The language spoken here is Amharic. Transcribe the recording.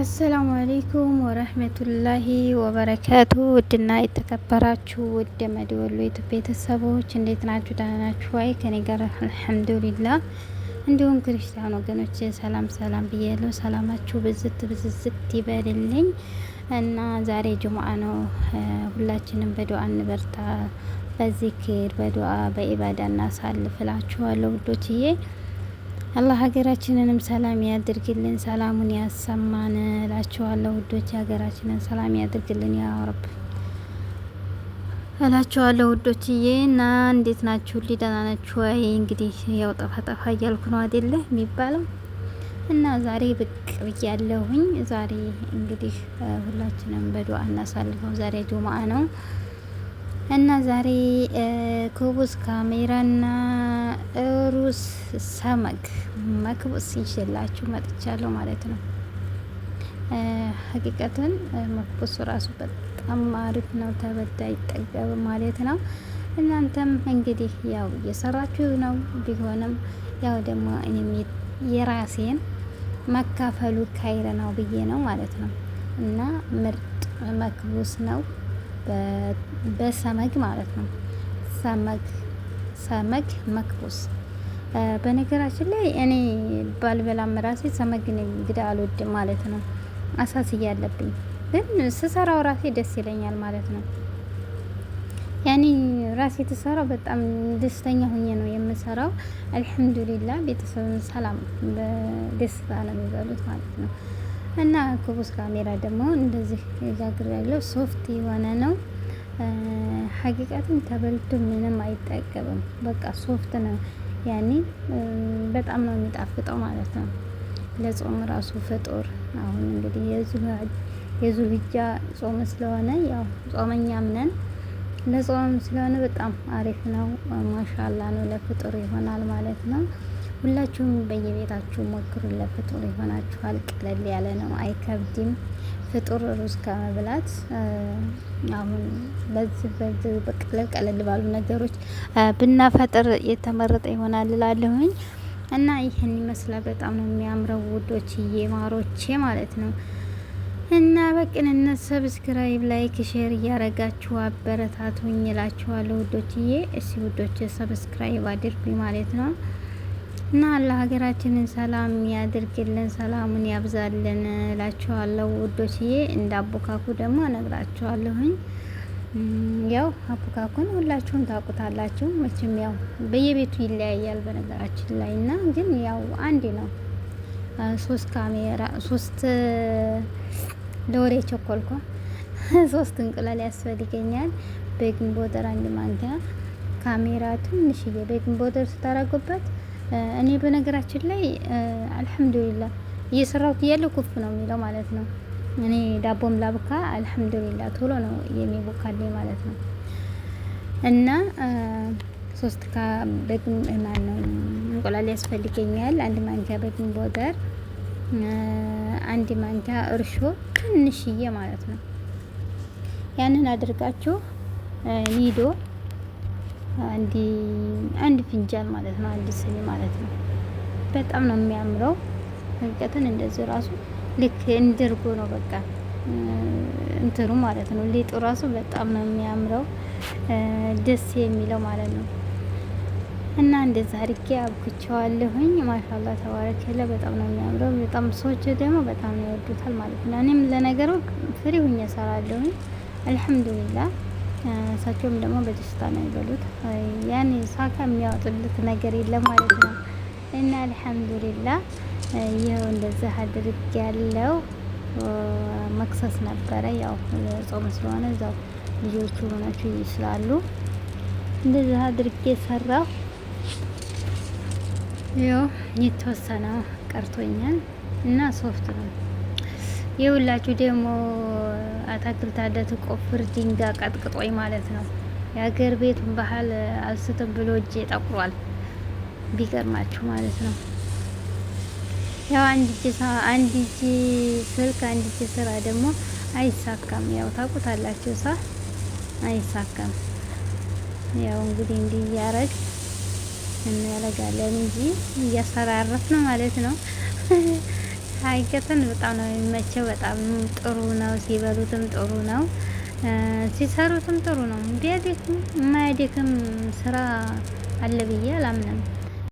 አሰላሙ አሌይኩም ወረህመቱላሂ ወበረካቱ። ውድና የተከበራችሁ ውድ መዲወሎ የቱ ቤተሰቦች እንዴት ናችሁ? ደህና ናችሁ ወይ? ከኔ ጋር አልሐምዱሊላ። እንዲሁም ክርስቲያን ወገኖች ሰላም ሰላም ብያለሁ። ሰላማችሁ ብዝት ብዝዝት ይበልልኝ እና ዛሬ ጅሙአ ነው። ሁላችንም በዱአ እንበርታ፣ በዚክር በዱአ በኢባዳ እናሳልፍላችኋለሁ ውዶችዬ አላህ ሀገራችንንም ሰላም ያድርግልን፣ ሰላሙን ያሰማን እላችኋለሁ ውዶች። ሀገራችንን ሰላም ያድርግልን ያ ረብ እላችኋለሁ ውዶችዬ። እና እንዴት ናችሁ? ደህና ናችሁ ወይ? እንግዲህ ያው ጠፋ ጠፋ እያልኩ ነው አይደለ የሚባለው። እና ዛሬ ብቅ ብያለሁኝ። ዛሬ እንግዲህ ሁላችንም በዱአ እናሳልፈው። ዛሬ ጁምአ ነው። እና ዛሬ ኩቡስ ካሜራና ሩስ ሰመግ መክቡስ ይሽላችሁ መጥቻለሁ ማለት ነው። ሀቂቀትን መክቡስ ራሱ በጣም አሪፍ ነው፣ ተበዳ ይጠገብ ማለት ነው። እናንተም እንግዲህ ያው እየሰራችሁ ነው ቢሆንም ያው ደግሞ እኔም የራሴን መካፈሉ ካይረ ነው ብዬ ነው ማለት ነው እና ምርጥ መክቡስ ነው። በሰመግ ማለት ነው። ሰመግ ሰመግ መክቡስ። በነገራችን ላይ እኔ ባልበላም ራሴ ሰመግን እንግዳ አልወድም ማለት ነው። አሳስ እያለብኝ ግን ስሰራው ራሴ ደስ ይለኛል ማለት ነው። ያኔ ራሴ የተሰራው በጣም ደስተኛ ሆኜ ነው የምሰራው። አልሐምዱሊላህ ቤተሰብን ሰላም በደስታ ነው የሚበሉት ማለት ነው። እና ኩቡስ ካሜራ ደግሞ እንደዚህ ጋግር ያለው ሶፍት የሆነ ነው። ሀቂቃትም ተበልቶ ምንም አይጠቀምም በቃ ሶፍት ነው። ያኔ በጣም ነው የሚጣፍጠው ማለት ነው። ለጾም ራሱ ፍጡር አሁን እንግዲህ የዙህጃ ጾም ስለሆነ ያው ጾመኛ ምነን ለጾም ስለሆነ በጣም አሪፍ ነው። ማሻላ ነው። ለፍጡር ይሆናል ማለት ነው። ሁላችሁም በየቤታችሁ ሞክሩ። ለፍጡር ይሆናችኋል። ቀለል ያለ ነው፣ አይከብድም። ፍጡር ሩዝ ከመብላት አሁን በዚህ በዚህ በቀለል ቀለል ባሉ ነገሮች ብናፈጥር የተመረጠ ይሆናል እላለሁኝ። እና ይህን ይመስላል። በጣም ነው የሚያምረው ውዶችዬ፣ ማሮቼ ማለት ነው። እና በቅንነት ሰብስክራይብ፣ ላይክ፣ ሼር እያረጋችሁ አበረታቱኝ እላችኋለሁ ውዶችዬ። እሺ ውዶች ሰብስክራይብ አድርጉኝ ማለት ነው። እና ለሀገራችንን ሰላም ያድርግልን፣ ሰላሙን ያብዛልን እላችኋለሁ ውዶችዬ። እንደ አቦካኩ ደግሞ እነግራችኋለሁኝ። ያው አቦካኩን ሁላችሁም ታውቁታላችሁ መቼም። ያው በየቤቱ ይለያያል በነገራችን ላይ እና ግን ያው አንድ ነው። ሶስት ካሜራ ሶስት ለወሬ ቸኮልኳ። ሶስት እንቁላል ያስፈልገኛል። ቤኪንግ ፓውደር አንድ ማንኪያ፣ ካሜራ ትንሽዬ፣ ቤኪንግ ፓውደር ስታረጉበት እኔ በነገራችን ላይ አልሐምዱሊላ እየሰራሁት እያለ ኩፍ ነው የሚለው ማለት ነው። እኔ ዳቦም ላብካ አልሐምዱሊላ ቶሎ ነው የሚቦካልኝ ማለት ነው። እና ሶስት ካ በግም ማን ነው እንቁላል ያስፈልገኛል። አንድ ማንኪያ በግም ቦደር፣ አንድ ማንኪያ እርሾ ትንሽዬ ማለት ነው። ያንን አድርጋችሁ ኒዶ አንድ ፍንጃል ማለት ነው፣ አንድ ስኒ ማለት ነው። በጣም ነው የሚያምረው። ህቀትን እንደዚህ ራሱ ልክ እንደርጎ ነው በቃ እንትሩ ማለት ነው። ሊጡ ራሱ በጣም ነው የሚያምረው ደስ የሚለው ማለት ነው። እና እንደዛ አድርጌ አብኩቸዋለሁኝ። ማሻላ ተባረከለ። በጣም ነው የሚያምረው። በጣም ሰዎች ደግሞ በጣም ይወዱታል ማለት ነው። እኔም ለነገሩ ፍሪ ሁኜ ሰራለሁኝ። አልሐምዱሊላህ እሳቸውም ደግሞ በደስታ ነው ይበሉት። ያን ሳካ የሚያወጡለት ነገር የለም ማለት ነው። እና አልሐምዱሊላ ይኸው እንደዚህ አድርግ ያለው መክሰስ ነበረ። ያው ጾም ስለሆነ እዛው ልጆቹ ምናቸው ይስላሉ። እንደዚህ አድርጌ ሰራው። ያው የተወሰነው ቀርቶኛል እና ሶፍት ነው የሁላችሁ ደግሞ አታክልት አለ ትቆፍር ድንጋይ ቀጥቅጦኝ ማለት ነው። የሀገር ቤቱን ባህል አልስትም ብሎ እጄ ጠቁሯል። ቢገርማችሁ ማለት ነው። ያው አንድ እጅ አንድ እጅ ስልክ አንድ እጅ ስራ ደግሞ አይሳካም። ያው ታውቁታላችሁ ሳ አይሳካም። ያው እንግዲህ እንዲህ እያረግ እናያለጋለን እንጂ እያሰራረፍ ነው ማለት ነው። አይገተን በጣም ነው የሚመቸው። በጣም ጥሩ ነው። ሲበሉትም ጥሩ ነው፣ ሲሰሩትም ጥሩ ነው። ቢያዴክም የማያደክም ስራ አለ ብዬ አላምንም።